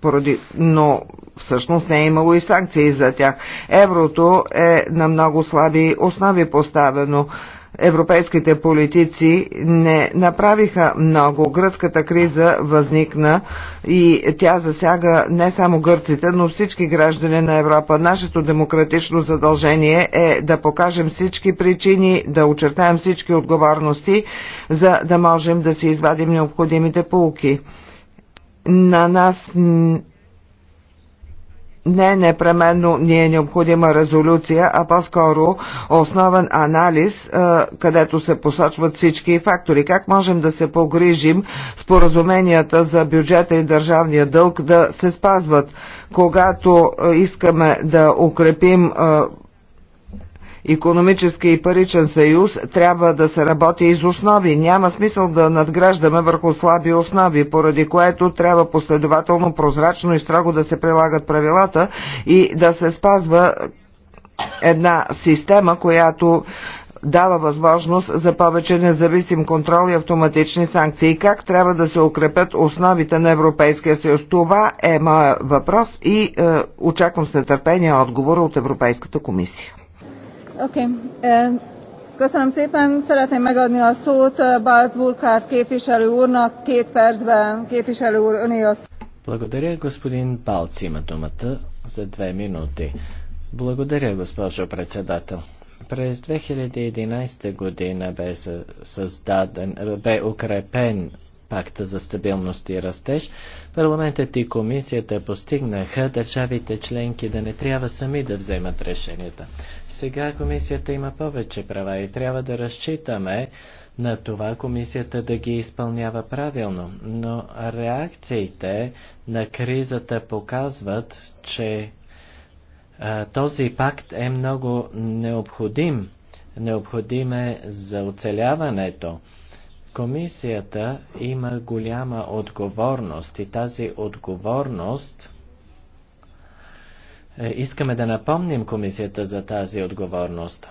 поради... но всъщност не е имало и санкции за тях. Еврото е на много слаби основи поставено. Европейските политици не направиха много. Гръцката криза възникна и тя засяга не само гърците, но всички граждани на Европа. Нашето демократично задължение е да покажем всички причини, да очертаем всички отговорности, за да можем да си извадим необходимите полки на нас не е непременно ни е необходима резолюция, а по-скоро основен анализ, където се посочват всички фактори. Как можем да се погрижим споразуменията за бюджета и държавния дълг да се спазват, когато искаме да укрепим економически и паричен съюз, трябва да се работи из основи. Няма смисъл да надграждаме върху слаби основи, поради което трябва последователно, прозрачно и строго да се прилагат правилата и да се спазва една система, която дава възможност за повече независим контрол и автоматични санкции. Как трябва да се укрепят основите на Европейския съюз? Това е моят въпрос и е, очаквам с нетърпение отговора от Европейската комисия. Okay. Köszönöm szépen. Szeretném megadni a szót eh, Bart Burkhardt képviselő úrnak. Két percben képviselő úr öné a szót. Благодаря, господин Балц има думата за две минути. Благодаря, госпожо председател. През 2011 година бе, създаден, бе укрепен пакта за стабилност и растеж, парламентът и комисията постигнаха държавите членки да не трябва сами да вземат решенията. Сега комисията има повече права и трябва да разчитаме на това комисията да ги изпълнява правилно, но реакциите на кризата показват, че а, този пакт е много необходим. Необходим е за оцеляването Комисията има голяма отговорност и тази отговорност е, искаме да напомним комисията за тази отговорност.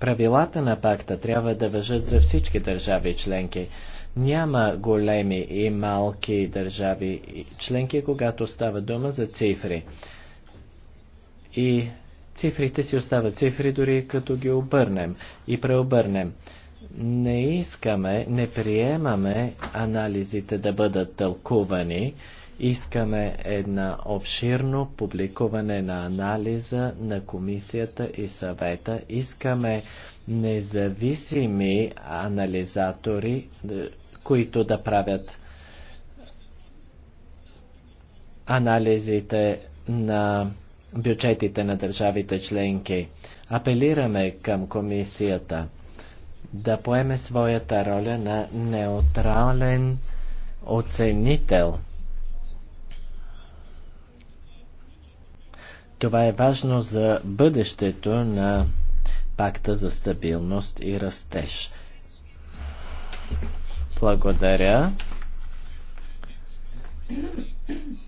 Правилата на пакта трябва да въжат за всички държави членки. Няма големи и малки държави членки, когато става дума за цифри. И цифрите си остават цифри, дори като ги обърнем и преобърнем не искаме, не приемаме анализите да бъдат тълкувани. Искаме една обширно публикуване на анализа на комисията и съвета. Искаме независими анализатори, е, които да правят анализите на бюджетите на държавите членки. Апелираме към комисията да поеме своята роля на неутрален оценител. Това е важно за бъдещето на пакта за стабилност и растеж. Благодаря.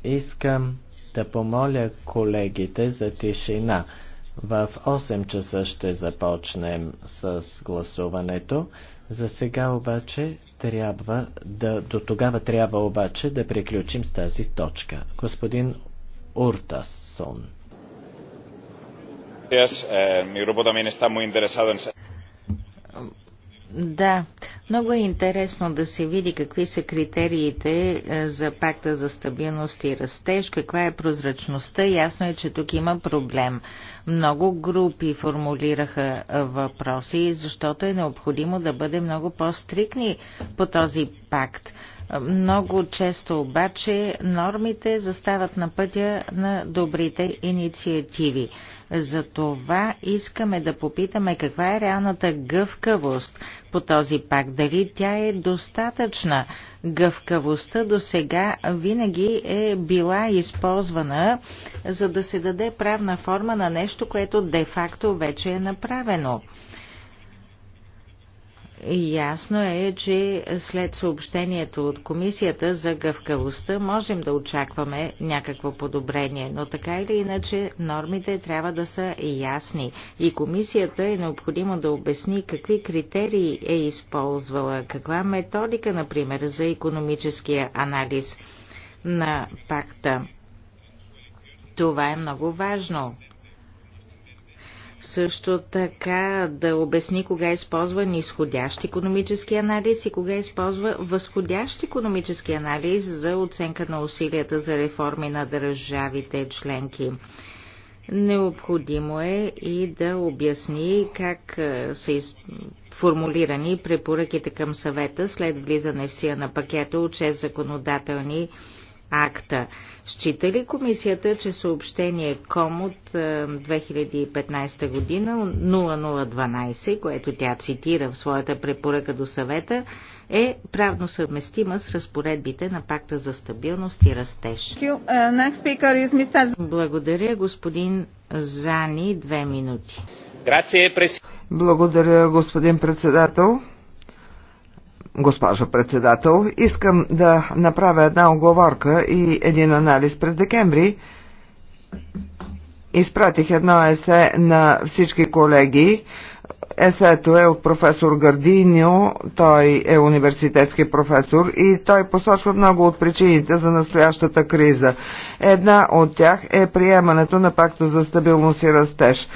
Искам да помоля колегите за тишина. В 8 часа ще започнем с гласуването. За сега обаче трябва да, до тогава трябва обаче да приключим с тази точка. Господин Уртасон. Eh, да, много е интересно да се види какви са критериите е, за пакта за стабилност и растеж, каква е прозрачността. Ясно е, че тук има проблем. Много групи формулираха е, въпроси, защото е необходимо да бъде много по-стрикни по този пакт. Много често обаче нормите застават на пътя на добрите инициативи. Затова искаме да попитаме каква е реалната гъвкавост по този пак. Дали тя е достатъчна? Гъвкавостта до сега винаги е била използвана, за да се даде правна форма на нещо, което де-факто вече е направено. Ясно е, че след съобщението от комисията за гъвкавостта можем да очакваме някакво подобрение, но така или иначе нормите трябва да са ясни и комисията е необходимо да обясни какви критерии е използвала, каква методика, например, за економическия анализ на пакта. Това е много важно също така да обясни кога използва нисходящ економически анализ и кога използва възходящ економически анализ за оценка на усилията за реформи на държавите членки. Необходимо е и да обясни как са формулирани препоръките към съвета след влизане в сия на пакета от 6 законодателни акта. Счита ли комисията, че съобщение КОМ от 2015 е, година 0012, което тя цитира в своята препоръка до съвета, е правно съвместима с разпоредбите на пакта за стабилност и растеж? Uh, Благодаря, господин Зани, две минути. Благодаря, господин председател госпожо председател. Искам да направя една оговорка и един анализ през декември. Изпратих едно есе на всички колеги. Есето е от професор Гардиньо, той е университетски професор и той посочва много от причините за настоящата криза. Една от тях е приемането на пакта за стабилност и растеж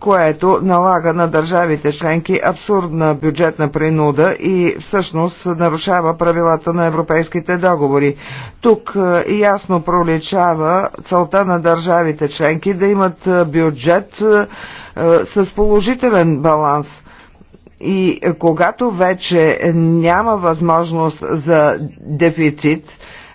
което налага на държавите членки абсурдна бюджетна принуда и всъщност нарушава правилата на европейските договори. Тук е, ясно проличава целта на държавите членки да имат е, бюджет е, с положителен баланс – и когато вече няма възможност за дефицит,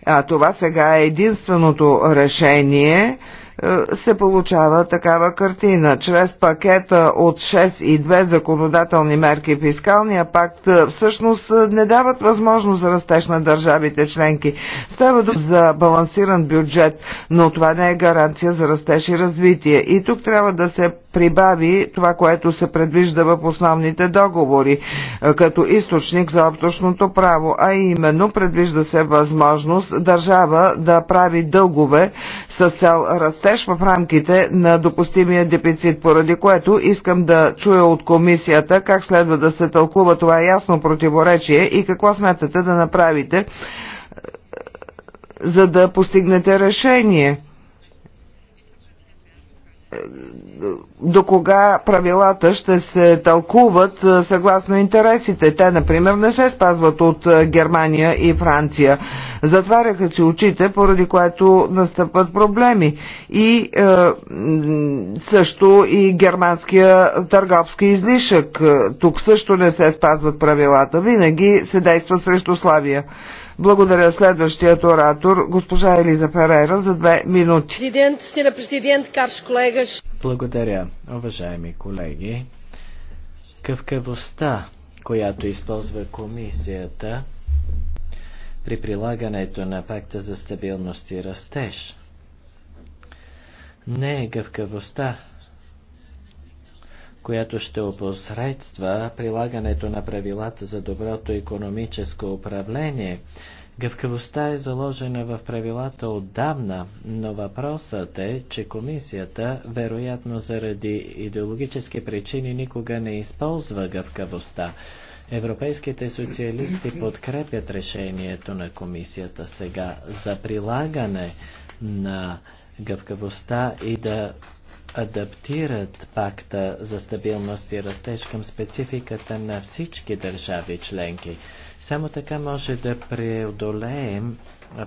а това сега е единственото решение, е, се получава такава картина. Чрез пакета от 6 и 2 законодателни мерки фискалния пакт е, всъщност е, не дават възможност за растеж на държавите членки. Става за балансиран бюджет, но това не е гаранция за растеж и развитие. И тук трябва да се прибави това, което се предвижда в основните договори е, като източник за обточното право, а именно предвижда се възможност държава да прави дългове с цел растеж в рамките на допустимия дефицит, поради което искам да чуя от комисията как следва да се тълкува това ясно противоречие и какво смятате да направите, е, за да постигнете решение до кога правилата ще се тълкуват съгласно интересите. Те, например, не се спазват от Германия и Франция. Затваряха си очите, поради което настъпват проблеми. И е, също и германския търговски излишък. Тук също не се спазват правилата. Винаги се действа срещу Славия. Благодаря следващият оратор, госпожа Елиза Перера, за две минути. Президент, сина президент, карш колегаш. Благодаря, уважаеми колеги. Къвкавостта, която използва комисията при прилагането на пакта за стабилност и растеж, не е гъвкавостта, която ще опосредства прилагането на правилата за доброто економическо управление. Гъвкавостта е заложена в правилата отдавна, но въпросът е, че комисията, вероятно заради идеологически причини, никога не използва гъвкавостта. Европейските социалисти подкрепят решението на комисията сега за прилагане на гъвкавостта и да адаптират пакта за стабилност и растеж към спецификата на всички държави членки. Само така може да преодолеем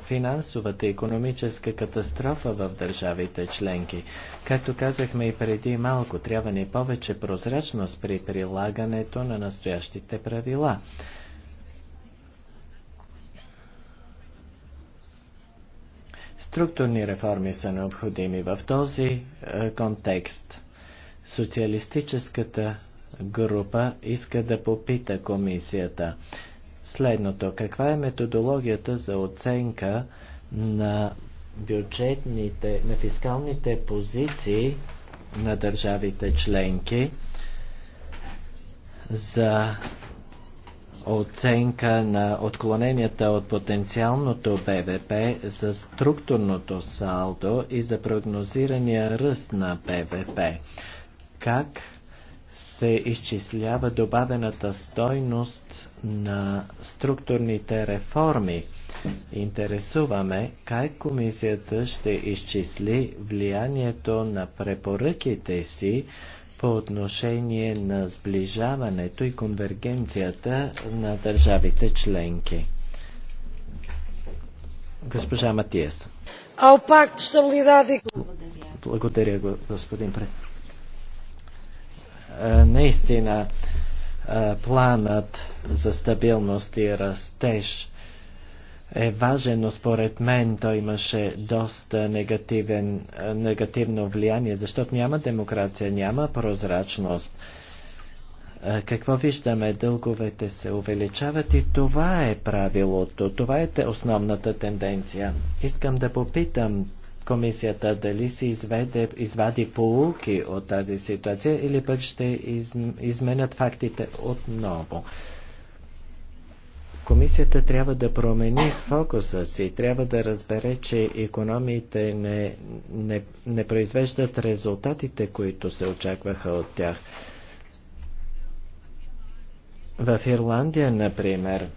финансовата и економическа катастрофа в държавите членки. Както казахме и преди малко, трябва ни повече прозрачност при прилагането на настоящите правила. Структурни реформи са необходими. В този е, контекст социалистическата група иска да попита комисията следното. Каква е методологията за оценка на бюджетните, на фискалните позиции на държавите членки за оценка на отклоненията от потенциалното БВП за структурното салдо и за прогнозирания ръст на БВП. Как се изчислява добавената стойност на структурните реформи? Интересуваме как комисията ще изчисли влиянието на препоръките си по отношение на сближаването и конвергенцията на държавите членки. Госпожа Матиес. E Благодаря, господин пред. Наистина, планът за стабилност и растеж е важен, но според мен той имаше доста негативен, негативно влияние, защото няма демокрация, няма прозрачност. Е, какво виждаме? Дълговете се увеличават и това е правилото. Това е основната тенденция. Искам да попитам комисията дали си изведе, извади полуки от тази ситуация или пък ще изменят фактите отново. Комисията трябва да промени фокуса си, трябва да разбере, че економиите не, не, не произвеждат резултатите, които се очакваха от тях. В Ирландия, например,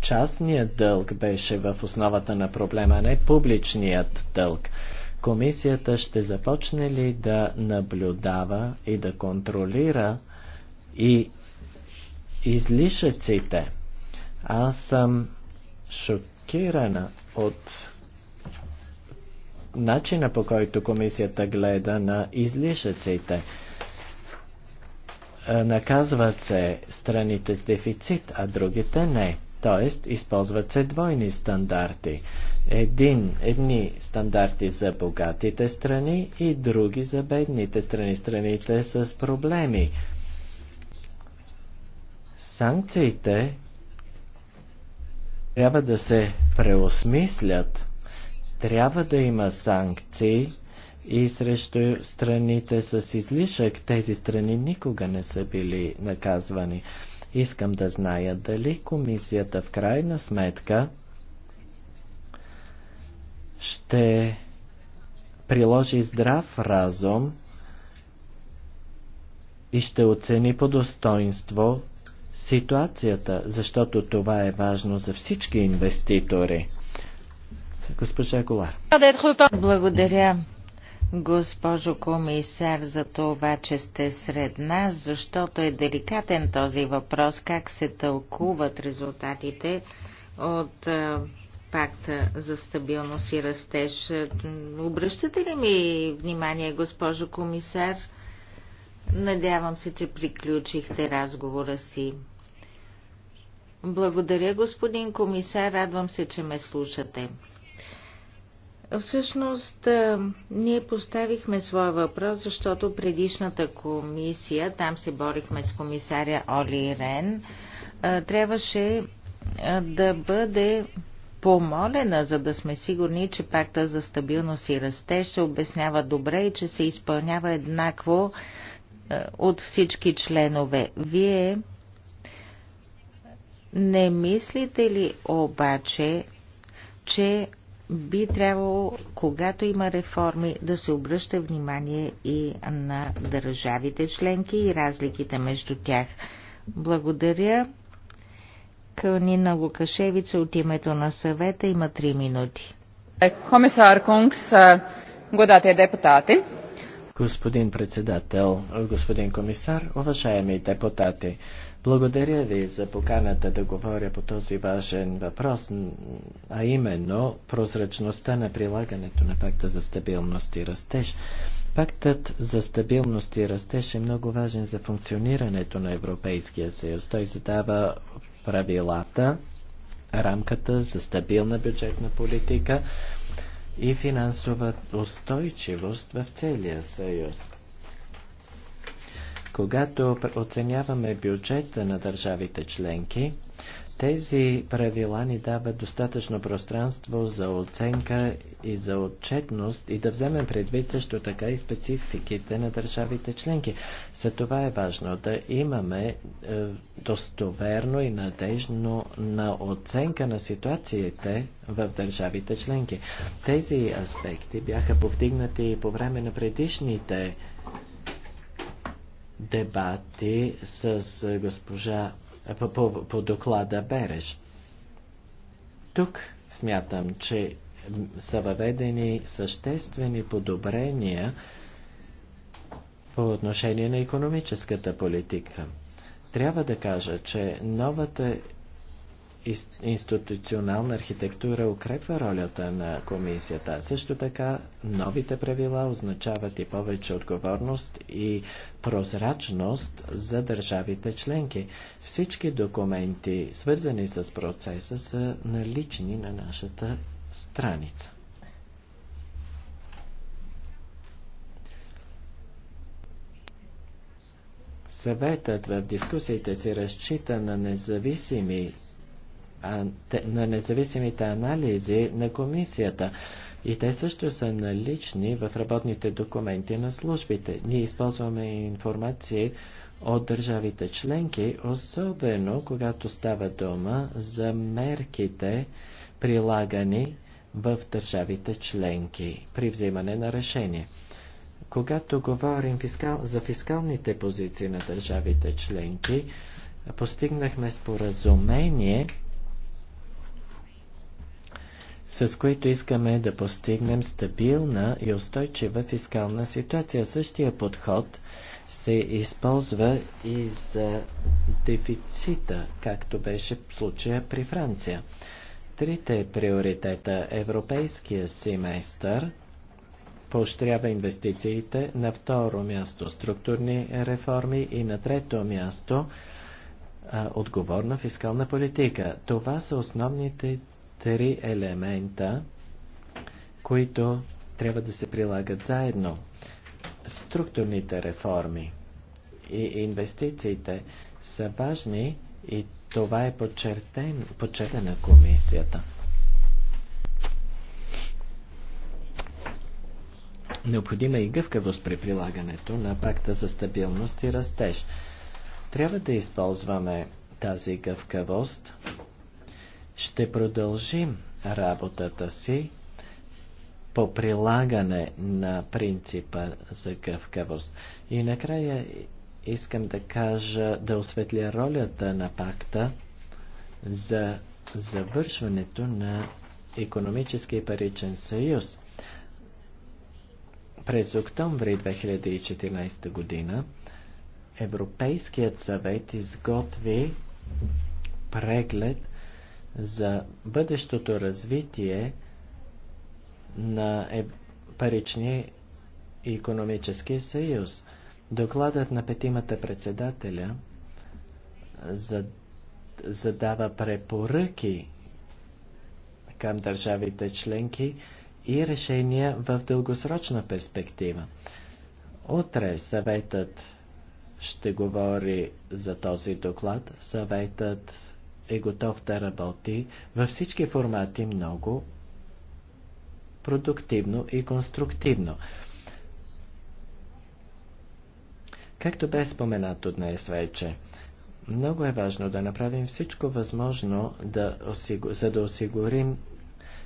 частният дълг беше в основата на проблема, не публичният дълг. Комисията ще започне ли да наблюдава и да контролира и излишъците. Аз съм шокирана от начина по който комисията гледа на излишъците. Е, наказват се страните с дефицит, а другите не. Тоест, използват се двойни стандарти. Един, едни стандарти за богатите страни и други за бедните страни, страните с проблеми. Санкциите трябва да се преосмислят. Трябва да има санкции и срещу страните с излишък. Тези страни никога не са били наказвани. Искам да зная дали комисията в крайна сметка ще приложи здрав разум и ще оцени по достоинство ситуацията, защото това е важно за всички инвеститори. Госпожа Голар. Благодаря, госпожо комисар, за това, че сте сред нас, защото е деликатен този въпрос, как се тълкуват резултатите от пакта за стабилност и растеж. Обръщате ли ми внимание, госпожо комисар? Надявам се, че приключихте разговора си. Благодаря, господин комисар. Радвам се, че ме слушате. Всъщност, ние поставихме своя въпрос, защото предишната комисия, там се борихме с комисаря Оли Рен, трябваше да бъде помолена, за да сме сигурни, че пакта за стабилност и растеж се обяснява добре и че се изпълнява еднакво от всички членове. Вие не мислите ли обаче, че би трябвало, когато има реформи, да се обръща внимание и на държавите членки и разликите между тях? Благодаря. Кълнина Лукашевица от името на съвета има 3 минути. Комисар Кунгс, годате депутати. Господин председател, господин комисар, уважаеми депутати, благодаря ви за поканата да говоря по този важен въпрос, а именно прозрачността на прилагането на пакта за стабилност и растеж. Пактът за стабилност и растеж е много важен за функционирането на Европейския съюз. Той задава правилата, рамката за стабилна бюджетна политика, и финансова устойчивост в целия съюз. Когато оценяваме бюджета на държавите членки, тези правила ни дават достатъчно пространство за оценка и за отчетност и да вземем предвид също така и спецификите на държавите членки. За това е важно да имаме е, достоверно и надежно на оценка на ситуациите в държавите членки. Тези аспекти бяха повдигнати и по време на предишните дебати с госпожа по, по, по доклада Береш. Тук смятам, че са въведени съществени подобрения по отношение на економическата политика. Трябва да кажа, че новата институционална архитектура укрепва ролята на комисията. Също така, новите правила означават и повече отговорност и прозрачност за държавите членки. Всички документи, свързани с процеса, са налични на нашата страница. Съветът в дискусиите си разчита на независими на независимите анализи на комисията. И те също са налични в работните документи на службите. Ние използваме информации от държавите членки, особено когато става дума за мерките, прилагани в държавите членки при взимане на решение. Когато говорим фискал... за фискалните позиции на държавите членки, постигнахме споразумение с които искаме да постигнем стабилна и устойчива фискална ситуация. Същия подход се използва и за дефицита, както беше в случая при Франция. Трите приоритета Европейския семестър поощрява инвестициите, на второ място структурни реформи и на трето място отговорна фискална политика. Това са основните три елемента, които трябва да се прилагат заедно. Структурните реформи и инвестициите са важни и това е подчертен, на комисията. Необходима е и гъвкавост при прилагането на пакта за стабилност и растеж. Трябва да използваме тази гъвкавост ще продължим работата си по прилагане на принципа за гъвкавост. И накрая искам да кажа, да осветля ролята на пакта за завършването на економически и паричен съюз. През октомври 2014 година Европейският съвет изготви преглед за бъдещото развитие на е, паричния економически съюз. Докладът на петимата председателя задава препоръки към държавите членки и решения в дългосрочна перспектива. Утре съветът ще говори за този доклад. Съветът е готов да работи във всички формати много продуктивно и конструктивно. Както бе споменато днес вече, много е важно да направим всичко възможно, да осигу... за да осигурим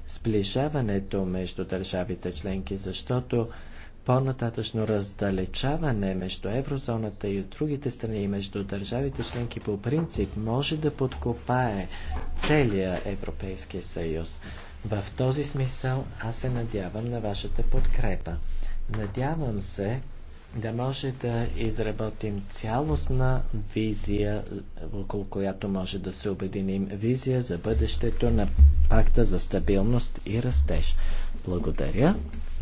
сближаването между държавите членки, защото по-нататъчно раздалечаване между еврозоната и от другите страни и между държавите членки по принцип може да подкопае целия Европейския съюз. В този смисъл аз се надявам на вашата подкрепа. Надявам се да може да изработим цялостна визия, около която може да се обединим. Визия за бъдещето на пакта за стабилност и растеж. Благодаря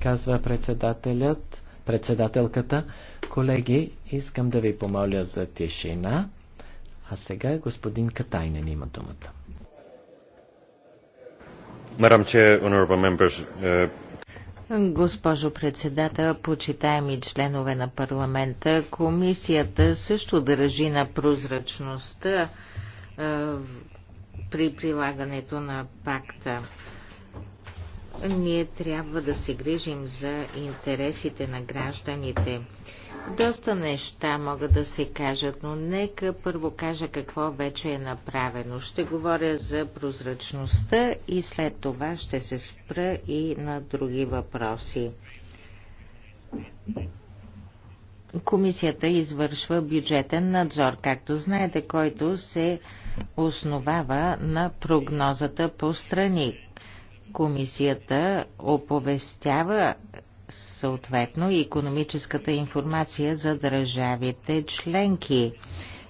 казва председателят, председателката. Колеги, искам да ви помоля за тишина. А сега господин Катайнен има думата. Madam honorable members, е, Госпожо председател, почитаеми членове на парламента, комисията също държи на прозрачността е, при прилагането на пакта. Ние трябва да се грижим за интересите на гражданите. Доста неща могат да се кажат, но нека първо кажа какво вече е направено. Ще говоря за прозрачността и след това ще се спра и на други въпроси. Комисията извършва бюджетен надзор, както знаете, който се основава на прогнозата по страни комисията оповестява съответно и економическата информация за държавите членки.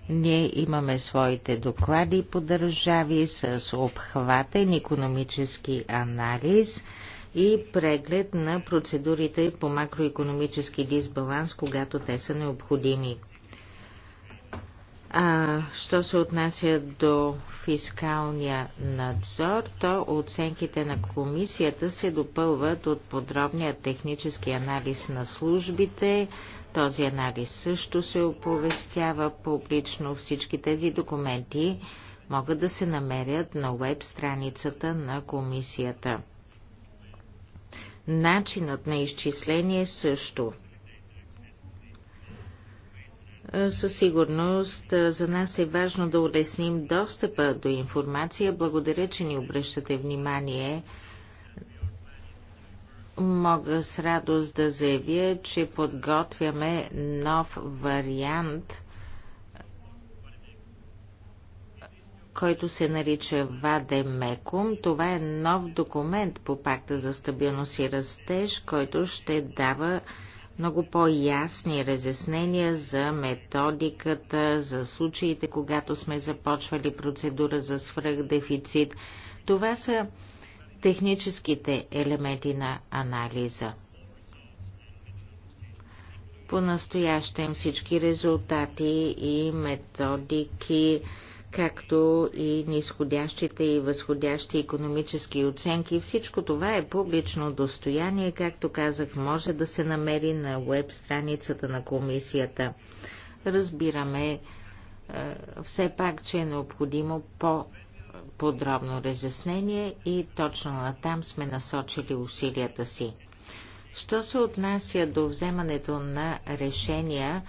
Ние имаме своите доклади по държави с обхватен економически анализ и преглед на процедурите по макроекономически дисбаланс, когато те са необходими. А, що се отнася до фискалния надзор, то оценките на комисията се допълват от подробния технически анализ на службите. Този анализ също се оповестява публично. Всички тези документи могат да се намерят на веб страницата на комисията. Начинът на изчисление също – със сигурност за нас е важно да улесним достъпа до информация. Благодаря, че ни обръщате внимание. Мога с радост да заявя, че подготвяме нов вариант, който се нарича Ваде Мекум. Това е нов документ по пакта за стабилност и растеж, който ще дава много по-ясни разяснения за методиката, за случаите, когато сме започвали процедура за свръхдефицит. Това са техническите елементи на анализа. По-настоящем всички резултати и методики както и нисходящите и възходящи економически оценки. Всичко това е публично достояние, както казах, може да се намери на веб страницата на комисията. Разбираме е, все пак, че е необходимо по подробно разяснение и точно на там сме насочили усилията си. Що се отнася до вземането на решения,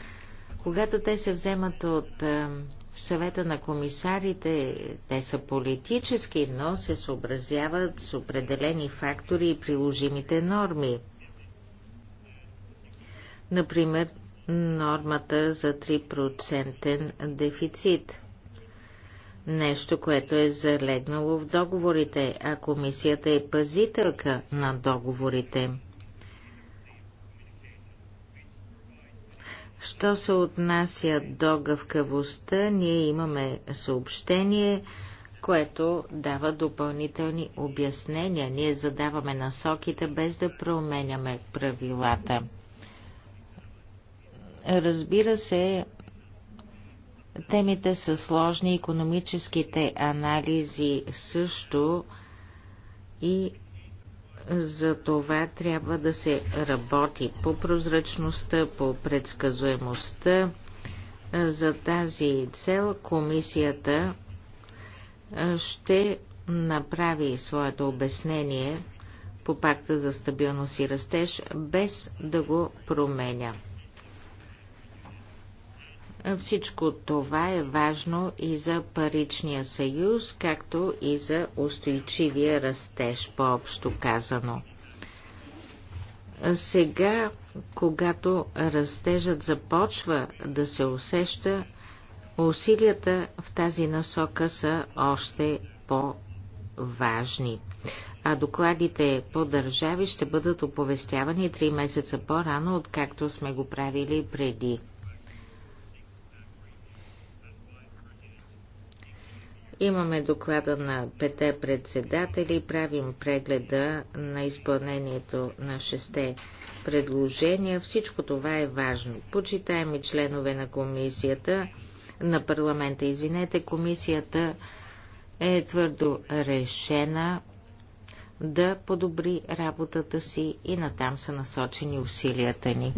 когато те се вземат от е, съвета на комисарите, те са политически, но се съобразяват с определени фактори и приложимите норми. Например, нормата за 3% дефицит. Нещо, което е залегнало в договорите, а комисията е пазителка на договорите. Що се отнася до гъвкавостта, ние имаме съобщение, което дава допълнителни обяснения. Ние задаваме насоките без да променяме правилата. Разбира се, темите са сложни, економическите анализи също и за това трябва да се работи по прозрачността, по предсказуемостта. За тази цел комисията ще направи своето обяснение по пакта за стабилност и растеж, без да го променя. Всичко това е важно и за паричния съюз, както и за устойчивия растеж, по-общо казано. Сега, когато растежът започва да се усеща, усилията в тази насока са още по-важни. А докладите по държави ще бъдат оповестявани три месеца по-рано, откакто сме го правили преди. Имаме доклада на пете председатели, правим прегледа на изпълнението на шесте предложения. Всичко това е важно. Почитаеми членове на комисията, на парламента, извинете, комисията е твърдо решена да подобри работата си и натам са насочени усилията ни.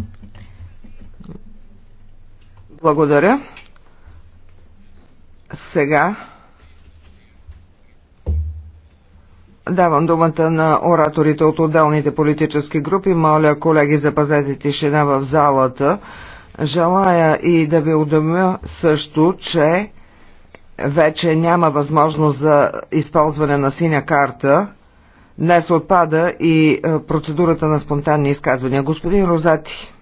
Благодаря. Сега Давам думата на ораторите от отделните политически групи. Моля, колеги, запазете тишина в залата. Желая и да ви удомя също, че вече няма възможност за използване на синя карта. Днес отпада и е, процедурата на спонтанни изказвания. Господин Розати.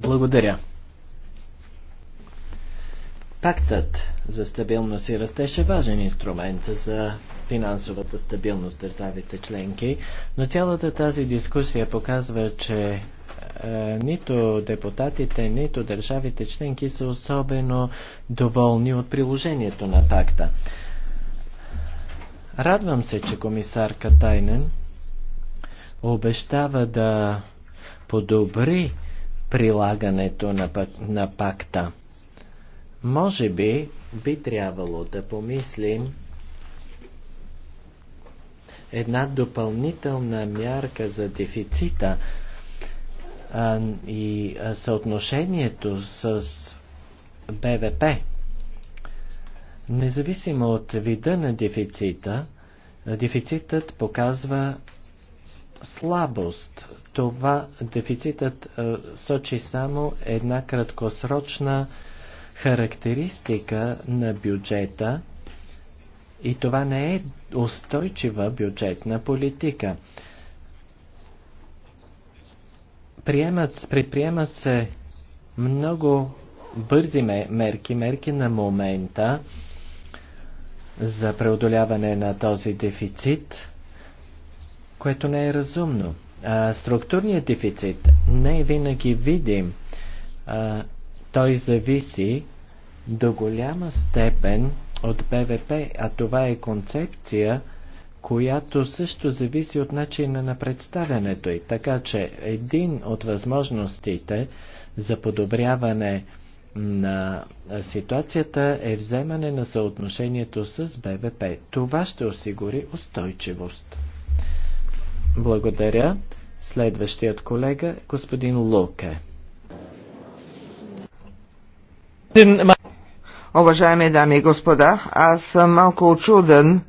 Благодаря. Пактът за стабилност и растеж е важен инструмент за финансовата стабилност държавите членки, но цялата тази дискусия показва, че е, нито депутатите, нито държавите членки са особено доволни от приложението на пакта. Радвам се, че комисар Тайнен обещава да подобри прилагането на, на пакта. Може би би трябвало да помислим една допълнителна мярка за дефицита а, и съотношението с БВП. Независимо от вида на дефицита, дефицитът показва слабост. Това дефицитът а, сочи само една краткосрочна а, характеристика на бюджета и това не е устойчива бюджетна политика. Приемат, предприемат се много бързи мерки, мерки на момента за преодоляване на този дефицит, което не е разумно. А, структурният дефицит не е винаги видим. А, той зависи до голяма степен от БВП, а това е концепция, която също зависи от начина на представянето й. Така че един от възможностите за подобряване на ситуацията е вземане на съотношението с БВП. Това ще осигури устойчивост. Благодаря. Следващият колега, господин Луке. Уважаеми дами и господа, аз съм малко очуден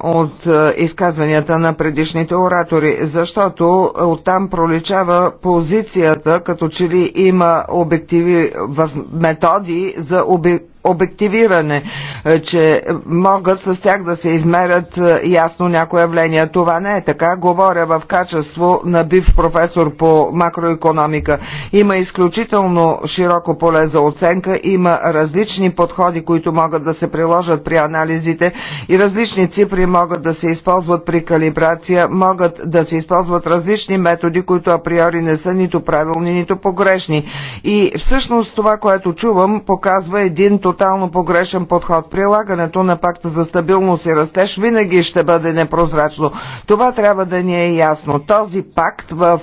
от е, изказванията на предишните оратори, защото оттам проличава позицията, като че ли има обективи въз... методи за обективност обективиране, е, че могат с тях да се измерят е, ясно някои явления. Това не е така. Говоря в качество на бив професор по макроекономика. Има изключително широко поле за оценка, има различни подходи, които могат да се приложат при анализите и различни цифри могат да се използват при калибрация, могат да се използват различни методи, които априори не са нито правилни, нито погрешни. И всъщност това, което чувам, показва един тотално погрешен подход. Прилагането на пакта за стабилност и растеж винаги ще бъде непрозрачно. Това трябва да ни е ясно. Този пакт в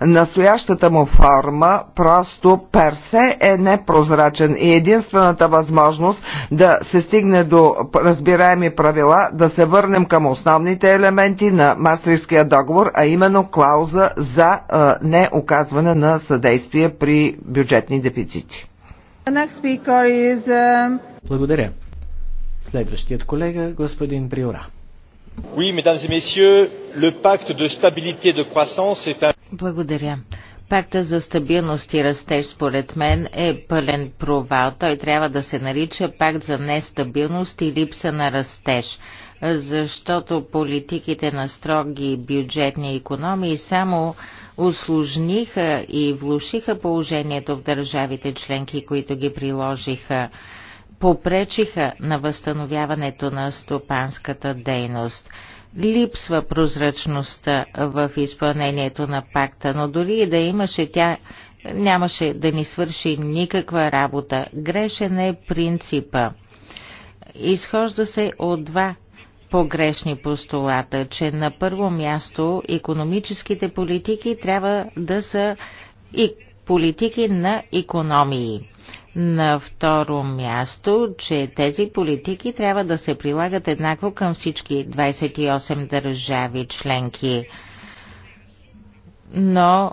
настоящата му форма просто персе е непрозрачен и единствената възможност да се стигне до разбираеми правила, да се върнем към основните елементи на Мастрийския договор, а именно клауза за неоказване на съдействие при бюджетни дефицити. Um, Благодаря. Следващият колега, господин Приора. Благодаря. Пакта за стабилност и растеж според мен е пълен провал. Той трябва да се нарича пакт за нестабилност и липса на растеж, защото политиките на строги бюджетни економии само усложниха и влушиха положението в държавите членки, които ги приложиха, попречиха на възстановяването на стопанската дейност. Липсва прозрачността в изпълнението на пакта, но дори и да имаше тя, нямаше да ни свърши никаква работа. Грешен е принципа. Изхожда се от два погрешни постулата, че на първо място економическите политики трябва да са и политики на економии. На второ място, че тези политики трябва да се прилагат еднакво към всички 28 държави членки. Но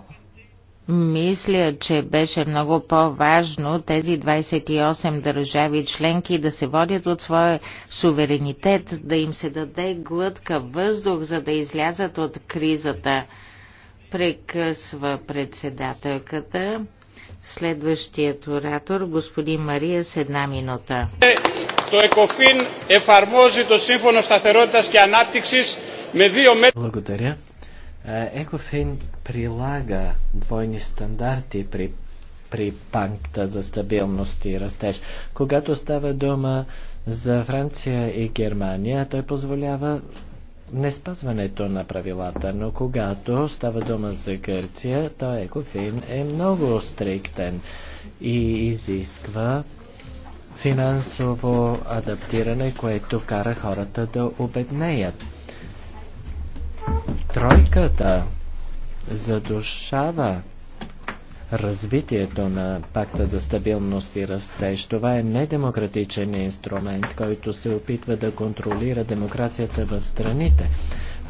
мисля, че беше много по-важно тези 28 държави членки да се водят от своя суверенитет, да им се даде глътка въздух, за да излязат от кризата. Прекъсва председателката. Следващият оратор, господин Мария, с една минута. Благодаря. Е, ЕКОФИН прилага двойни стандарти при, при панкта за стабилност и растеж. Когато става дума за Франция и Германия, той позволява не спазването на правилата, но когато става дума за Гърция, то Екофин е много стриктен и изисква финансово адаптиране, което кара хората да обеднеят. Тройката задушава развитието на пакта за стабилност и растеж. Това е недемократичен инструмент, който се опитва да контролира демокрацията в страните.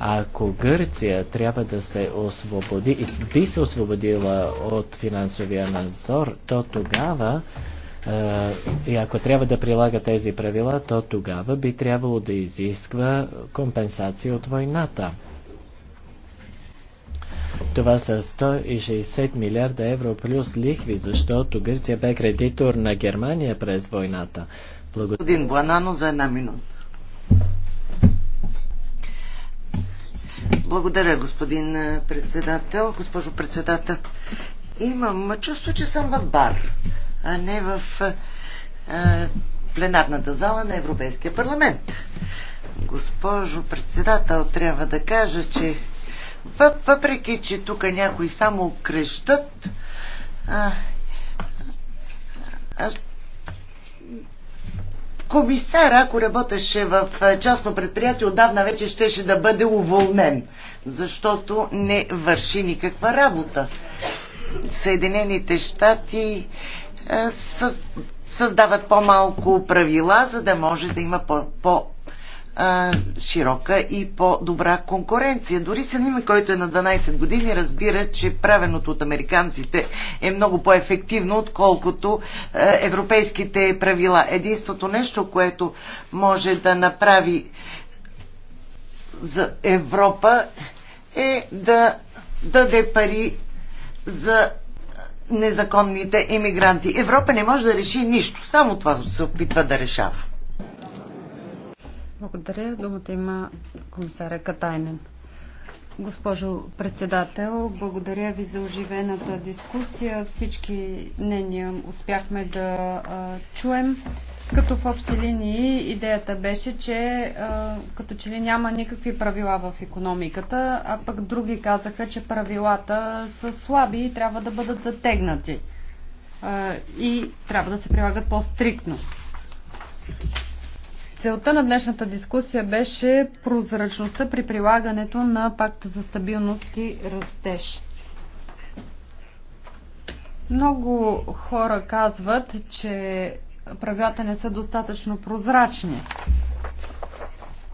Ако Гърция трябва да се освободи и би се освободила от финансовия надзор, то тогава е, и ако трябва да прилага тези правила, то тогава би трябвало да изисква компенсация от войната. Това са 160 милиарда евро плюс лихви, защото Гърция бе кредитор на Германия през войната. Благодаря. Господин Буанано за една минута. Благодаря, господин председател. Госпожо председател, имам чувство, че съм в бар, а не в а, пленарната зала на Европейския парламент. Госпожо председател, трябва да кажа, че въпреки, че тук някои само крещат, а, а, комисар, ако работеше в частно предприятие, отдавна вече щеше да бъде уволнен, защото не върши никаква работа. Съединените щати създават по-малко правила, за да може да има по-, по широка и по-добра конкуренция. Дори ними, който е на 12 години, разбира, че правеното от американците е много по-ефективно, отколкото европейските правила. Единството нещо, което може да направи за Европа е да даде пари за незаконните иммигранти. Европа не може да реши нищо. Само това се опитва да решава. Благодаря. Думата има комисаря Катайнен. Госпожо председател, благодаря ви за оживената дискусия. Всички мнения успяхме да а, чуем. Като в общи линии идеята беше, че а, като че ли няма никакви правила в економиката, а пък други казаха, че правилата са слаби и трябва да бъдат затегнати а, и трябва да се прилагат по-стриктно. Целта на днешната дискусия беше прозрачността при прилагането на пакта за стабилност и растеж. Много хора казват, че правилата не са достатъчно прозрачни.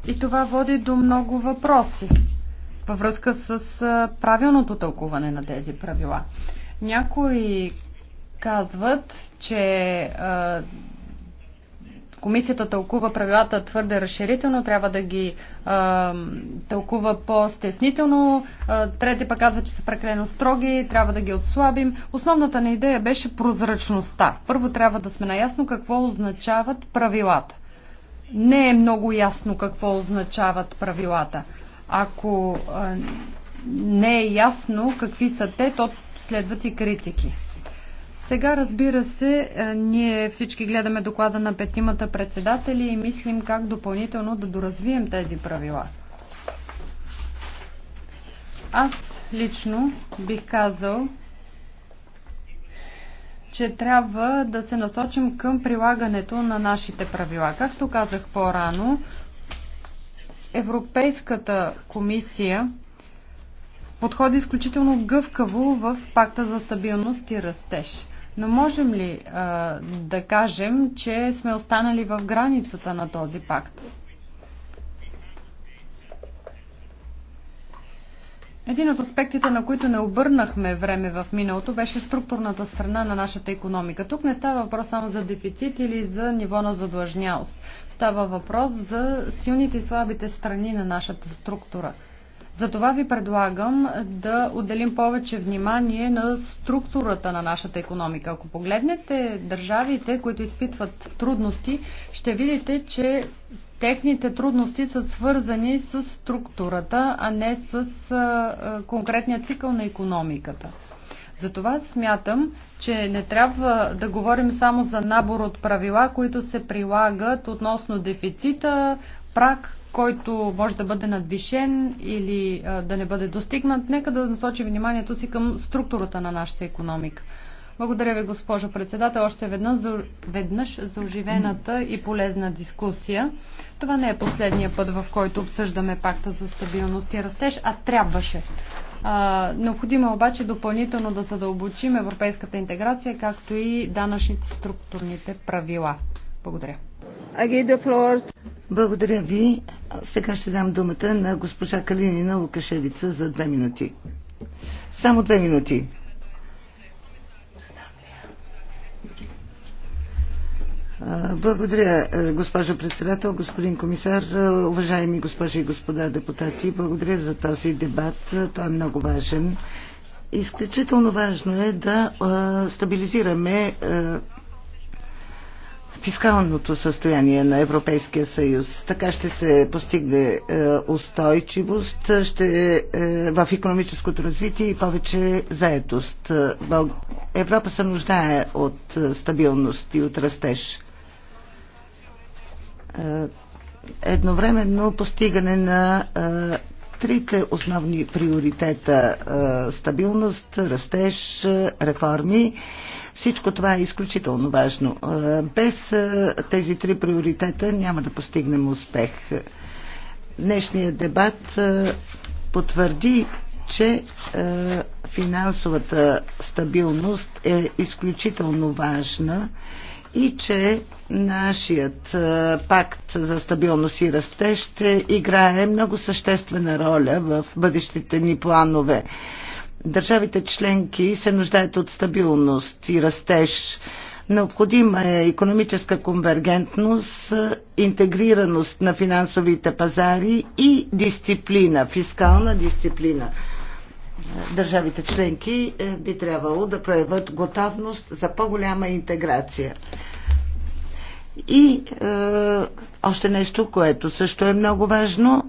И това води до много въпроси във връзка с правилното тълкуване на тези правила. Някои казват, че комисията тълкува правилата твърде разширително, трябва да ги а, тълкува по-стеснително. трети пък казва, че са прекалено строги, трябва да ги отслабим. Основната ни идея беше прозрачността. Първо трябва да сме наясно какво означават правилата. Не е много ясно какво означават правилата. Ако а, не е ясно какви са те, то следват и критики. Сега, разбира се, е, ние всички гледаме доклада на петимата председатели и мислим как допълнително да доразвием тези правила. Аз лично бих казал, че трябва да се насочим към прилагането на нашите правила. Както казах по-рано, Европейската комисия подходи изключително гъвкаво в пакта за стабилност и растеж. Но можем ли а, да кажем, че сме останали в границата на този пакт? Един от аспектите, на които не обърнахме време в миналото, беше структурната страна на нашата економика. Тук не става въпрос само за дефицит или за ниво на задлъжнялост. Става въпрос за силните и слабите страни на нашата структура – затова ви предлагам да отделим повече внимание на структурата на нашата економика. Ако погледнете държавите, които изпитват трудности, ще видите, че техните трудности са свързани с структурата, а не с конкретния цикъл на економиката. Затова смятам, че не трябва да говорим само за набор от правила, които се прилагат относно дефицита, прак, който може да бъде надвишен или да не бъде достигнат, нека да насочи вниманието си към структурата на нашата економика. Благодаря ви, госпожо председател, още веднъж за, веднъж за оживената и полезна дискусия. Това не е последния път, в който обсъждаме пакта за стабилност и растеж, а трябваше. А, необходимо е обаче допълнително да задълбочим европейската интеграция, както и данъчните структурните правила. Благодаря. Благодаря ви. Сега ще дам думата на госпожа Калинина Лукашевица за две минути. Само две минути. Благодаря, госпожо председател, господин комисар, уважаеми госпожи и господа депутати. Благодаря за този дебат. Той е много важен. Изключително важно е да стабилизираме фискалното състояние на Европейския съюз. Така ще се постигне е, устойчивост ще, е, в економическото развитие и повече заетост. Европа се нуждае от е, стабилност и от растеж. Едновременно постигане на трите основни приоритета стабилност, растеж, реформи всичко това е изключително важно. Е, без е, тези три приоритета няма да постигнем успех. Днешният дебат е, потвърди, че финансовата стабилност е изключително важна и че нашият пакт за стабилност и расте ще играе много съществена роля в бъдещите ни планове. Държавите членки се нуждаят от стабилност и растеж. Необходима е економическа конвергентност, интегрираност на финансовите пазари и дисциплина, фискална дисциплина. Държавите членки е, би трябвало да проявят готовност за по-голяма интеграция. И е, още нещо, което също е много важно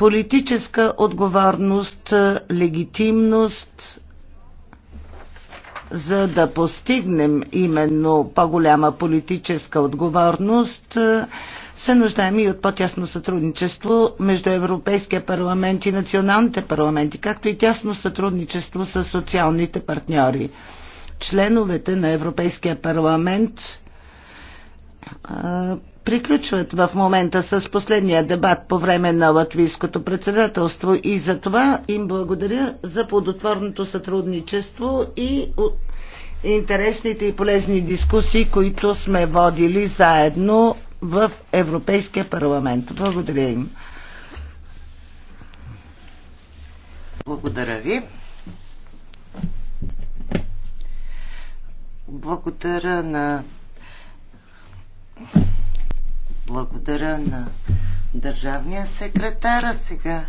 политическа отговорност, легитимност, за да постигнем именно по-голяма политическа отговорност, се нуждаем и от по-тясно сътрудничество между Европейския парламент и националните парламенти, както и тясно сътрудничество с социалните партньори. Членовете на Европейския парламент приключват в момента с последния дебат по време на латвийското председателство и за това им благодаря за плодотворното сътрудничество и интересните и полезни дискусии, които сме водили заедно в Европейския парламент. Благодаря им. Благодаря ви. Благодаря на благодаря на държавния секретар. сега